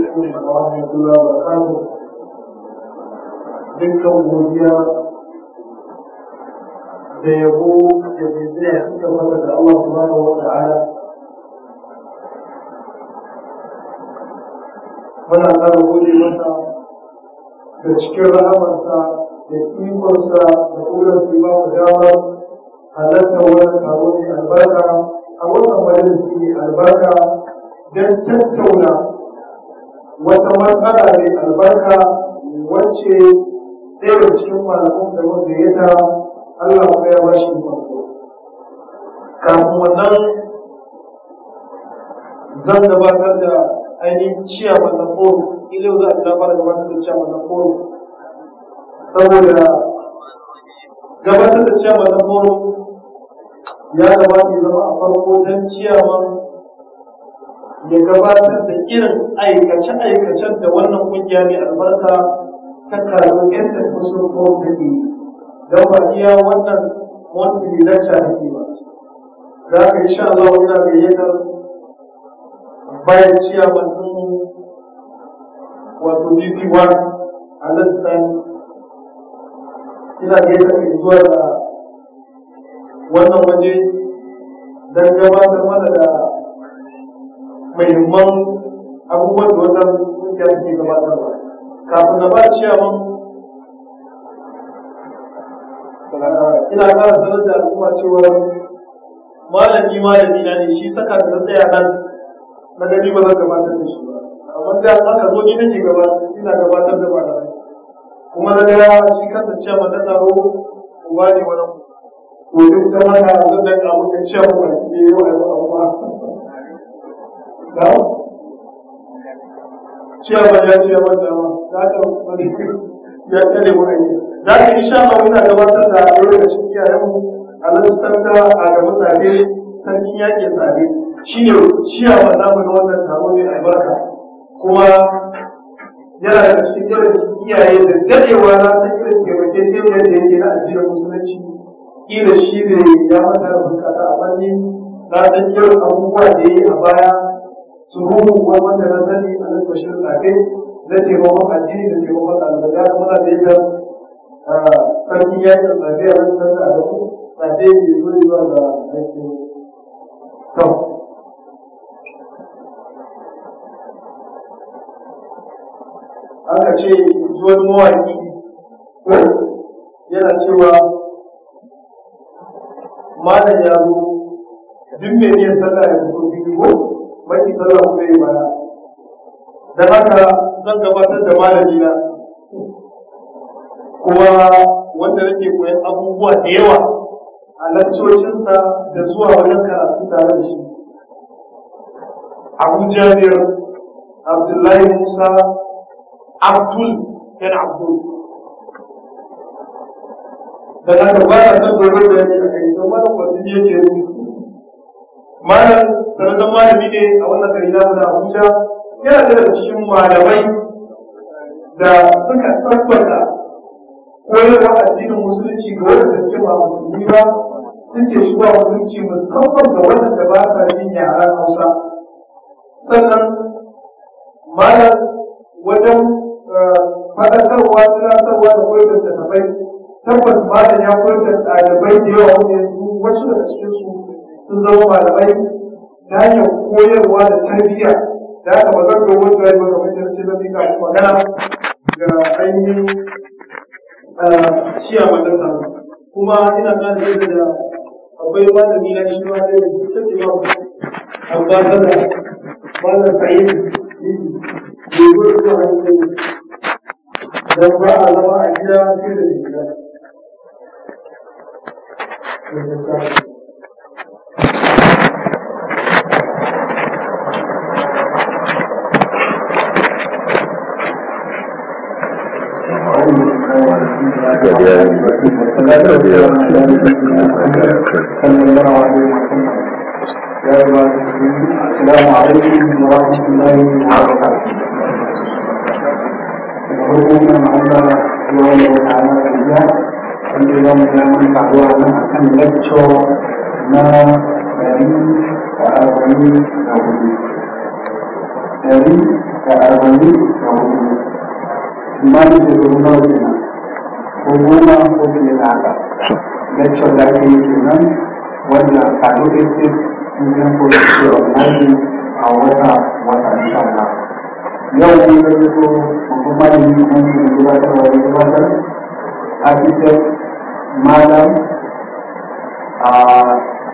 عليكم ورحمة الله وبركاته dukkan godiya da yabo da zai sun tabbata da Allah subhanahu wa ta'ala muna ƙara gode masa da cikin rahamarsa da ikonsa da ƙurar su ba mu damar halartar wani taro mai albarka a wannan majalisi albarka don tattauna wata matsala mai albarka wacce ɗaya da cikin malamin da wanda ya ta Allah kuma ya ba shi farko kafin wannan zan gabatar da ainihin ciya mana foro ilo za a gabatar da wani ciya mana foro saboda gabatar da ciya mana foro ya gabata zama a farko don ciyaman ya gabatar da irin aikace-aikacen da wannan kungiya mai albarka ta karu yadda kusur ko take don ba iya wannan wanda lecture da ke ba za ka yi insha Allah mai gayyatar bayan ciyaman din wato BB1 a nan Ina da yadda ka zuwa da wannan waje don gabatar mana da muhimman abubuwan da wannan kungiya gabatar ba? kafin na ba ciyaman ina ƙara sanar da al'umma cewa malami malami na ne shi saka da tsaya nan na gani ba zan gabatar da shi ba amma da aka zo ni nake gaba ina gabatar da malamai kuma na ga shi kasancewa ma na tsaro uba ne wani gobe ta mata zan da ka muka cewa ba ne yau a yau ga ciyawa ya ce yawan dama za ka wani ya kare mu ne za ka insha Allah muna gabatar da aure da cikin yayan a nan sanda a gaban zabe sarkin yake zabe shine ciyawa za mu ga wannan taro mai albarka kuma yana da cikin irin iyaye da dadewa na san irin taimakekeniyar da yake na addinin musulunci kila shi ne ya mata da bukata a fanni na san irin abubuwa da ya yi a baya tsoron kuwa wanda na sani a nan bashin sake na taimakon addini da taimakon al'ada muna da yadda sarki ya yi tsaye a nan sanda a ku tsaye ne zuwa zuwa ga aikin kan aka ce zuwan mawaƙi yana cewa malam ya zo duk mai ne sallah ya fito biyu mai sallah kuma yi baya Da haka zan gabatar da malami na kuma wanda nake koyan abubuwa da yawa a lakcocinsa da zuwa wajen karatu tare da shi abu jabir abdullahi musa abdul yan abdul Da haka ba na son da yake a kai don malam yake malam sanannen malami ne a wannan gari na da Abuja yana daga cikin malamai da suka tabbata koyarwa addinin musulunci ga wanda suke ba musulmi ba sun suke shiga musulunci musamman da wanda ba sa yin yaran Hausa sannan malam wajen eh, faɗakarwa tunatarwa da koyar da tafai tabbas malam ya koyar da ɗalibai da yawa wanda yanzu wasu daga cikin sun zama malamai ta hanyar koyarwa da tarbiyya da aka ba zan wata jirai ba kamar yadda ce fika da magana ga ainihin shiya matasa kuma ina ƙara yadda da akwai malami na shi ma da yadda ta ce ba ambasada malam sa'id ne ko da hanyar Da ba a zama a gida sai da gida. السلام عليكم ورحمة الله وبركاته. حكومة على الله تعالى الإله الذي لم يمنع ولا أن يكشف dari Ka'abani Nabi. Dari Ka'abani Nabi. Mari kita mulai dengan hubungan hubungan apa? Macam lagi dengan wajah kalau istiq dengan polisi orang lain awak wajah siapa? Yang mana itu hubungan ini dengan ibadat orang ibadat? Akhirnya malam ah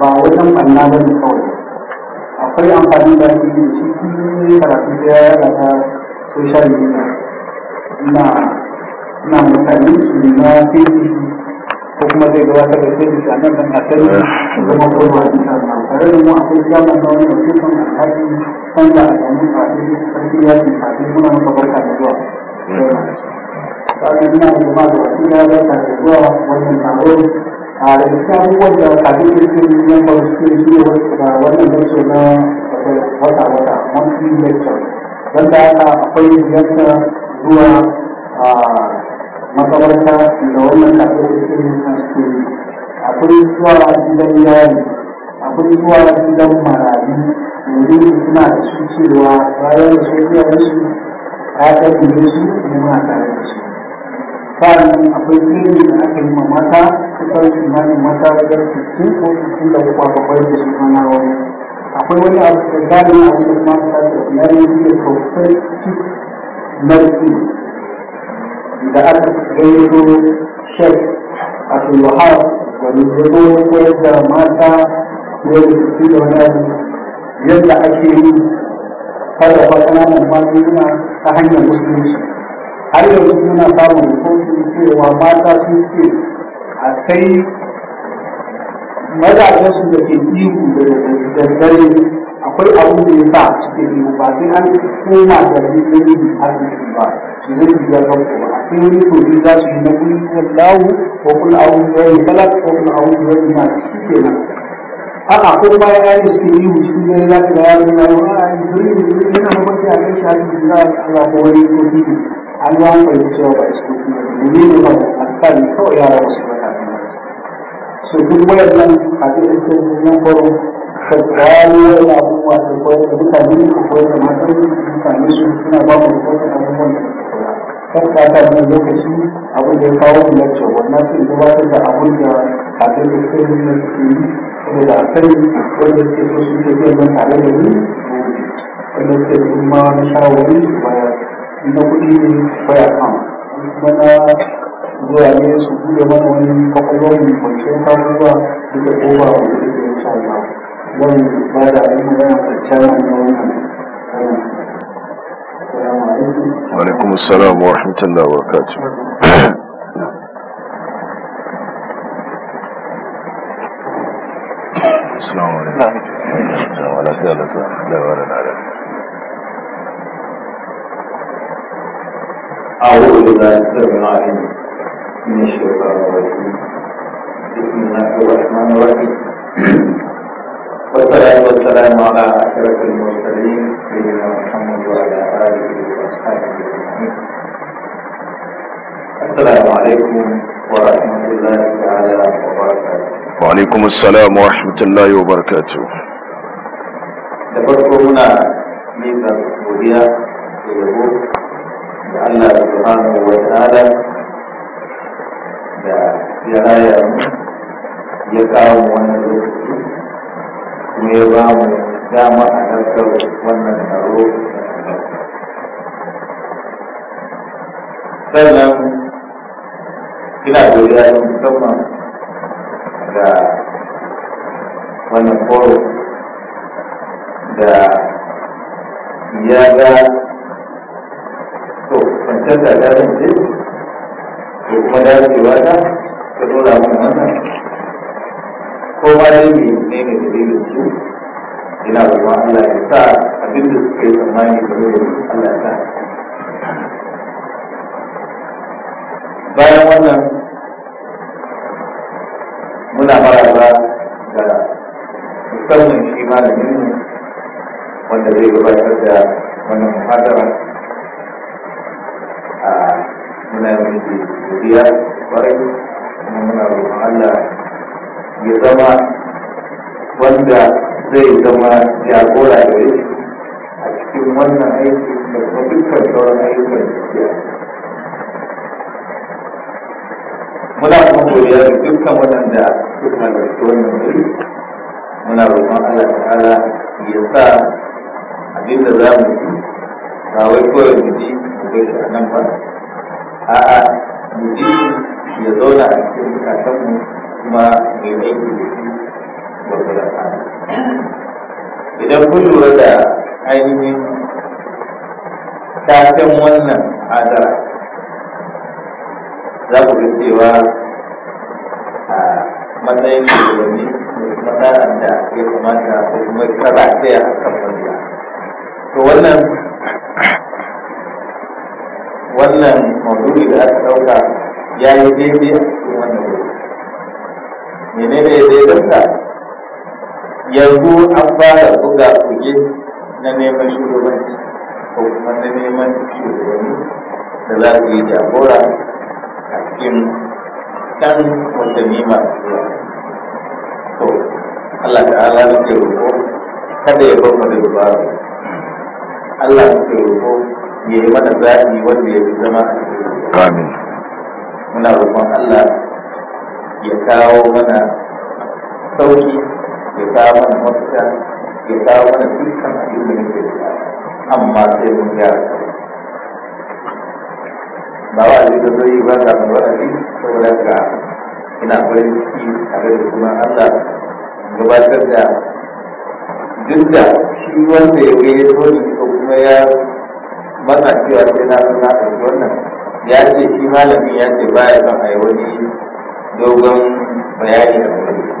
ba wajen banna ba ne kawai akwai amfani da ake yi shi ne karatu da ya ta social media na na mutane su na ko kuma zai gabatar da fesu a nan kan asali kuma ko ba ta tare da mu akwai shaman na wani mutum kan alhaji kan da alamun fadi sarki ya ce fadi muna masa barka da zuwa Tsarin ina da kuma da wasu ya zai ta zuwa wannan taro a da cikin abubuwan da kafin da suke yi na faru suke su ne wannan lecture na wata-wata monthly lecture wanda haka akwai ziyarta zuwa a makabarta da wannan kafin da suke yi na suke yi akwai zuwa gidan yari akwai zuwa gidan marayu domin suna da su cewa bayan da su iyayensu ya ɗan su tare da su sannan akwai filin da aka yi ma mata kusan kimanin mata wajen sittin ko sittin da uku a da su kana wani akwai wani abu da gani a cikin mata da yanayi shi da prophetic medicine da aka gaido shek a tulwahar wani zo koyar da mata da sittin da wani abu yadda ake yi fara ƙananan magunguna ta hanyar musulunci har yanzu muna samun rikoki cewa mata sun ce a sai mazajensu da ke ihu da daddare akwai abin da ya sa suke ihu ba sai an koma da da asibiti ba su zai yi ya kan kuma sai wani tobi za su yi na kuli lawu ko kuma abin da ya yi falak ko kuma abin da ya yi masu shi kenan अब आपको तो पता है मुश्किल ही मुश्किल है ना किराया भी ना होगा इसलिए इसलिए ना हम अपने आगे शायद जिंदा आप बोल रहे हो कि अनुभव पर इच्छा होगा इसको कि बुरी नहीं होगा अच्छा नहीं तो यार वो सब बता देंगे सो दूर में अपना आगे इसके लिए पर सरकारी लाभ वाले पर इतना भी नहीं होगा तो मात्र इतना ही सुनना बाप रुपये का kan ta wani lokaci abin da ya kawo mu lacce wannan da gabatar da abin da kafin da suke yi na suke yi wanda da asali wanda suke so su ke biyan nan tare da ni wanda suke da ma na shawarwari baya na kuɗi ne baya kama mana zuwa ne su buɗe mana wani kwakwalwar mai kwanciyar kwakwalwa da ta ƙofa wanda suke insha Allah zan ba da ainihin magana kwanciyar wannan wannan وعليكم السلام ورحمة الله وبركاته السلام عليكم وعلى خير لا ولا لا أعوذ بالله السميع العليم من الشيطان الرجيم بسم الله الرحمن الرحيم والصلاة والسلام على أشرف وعليكم السلام ورحمة الله وبركاته. تبركوا هنا من العبودية اليهود لأن سبحانه وتعالى يا آية يقام ونزلت ويقام قام أدرك ونزلت فلم كلا بوليات مسمى da wani koro da ya ga to kwanciyar da ta zance ko kuma dacewa ta ta dora mun wannan ko ma dai ne ne dalilin su ina ruwa Allah ya sa abin da suke tsammani da yau Allah ya sa bayan wannan kamu yang terima dengan ini menjadi kepada kerja menang hadapan ah, dia di dunia baik menaruh Allah dia sama wanda di sama yang boleh itu Aku mana itu berpikir kalau ada yang Mula mula dia berjaya mana dia berjaya berjaya berjaya. muna roƙon Allah ala ya sa abin da za mu yi ba wai kawai mu ji mu kai shi a nan ba a'a mu ji ya zauna a cikin mu kuma mai aiki da shi wata da idan kun lura da ainihin taken wannan adara za ku ga cewa a matsayin shugabanni matsalan da ya kamata ko kuma ta ɗaya a kan wanda to wannan wannan maudu'i da aka ɗauka ya yi daidai a cikin wannan wuri menene ya daidaita yanzu an fara buga kuge na neman shugabanci ko kuma na neman shugabanni da za su yi jagora a cikin ɗan watanni masu zuwa Allah ta'ala ke roƙo kada ya bar mu da dubara Allah muke roƙo ya yi mana zaɓi wanda ya fi zama amin muna roƙon Allah ya kawo mana sauki ya kawo mana mafita ya kawo mana dukkan abin da muke amma sai mun gyara ba wa da zai yi ba ga wani saboda ka ina farin ciki a da suna Allah gabatar da duk da shi wanda ya gaya toni ko kuma ya mana cewa sai na san na wannan ya ce shi malamin ya ce baya son a yi wani dogon bayani da kuma da shi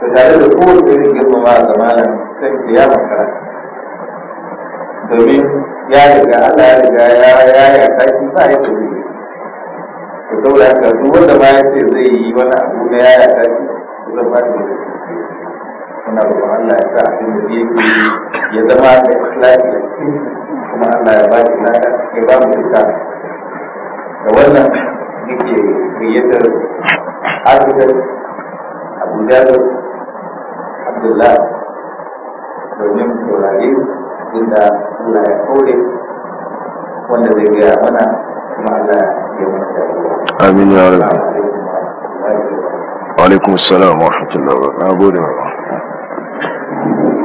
da tare da kowace irin girmama a zamanin sai ya makara. domin ya riga Allah ya riga ya ya ya ba ya tafi saboda haka duk wanda ba ya ce zai yi wani abu na yaya ta shi zan ba shi muna roƙon Allah ya sa abin da yake ya zama da ikhlasi kuma Allah ya ba shi lada ya ba mu fita da wannan nake gayyatar Abdul Abu Jabir Abdullah domin saurare inda Allah ya kore wanda zai gaya mana kuma Allah ya آمين يا رب وعليكم السلام ورحمة الله وبركاته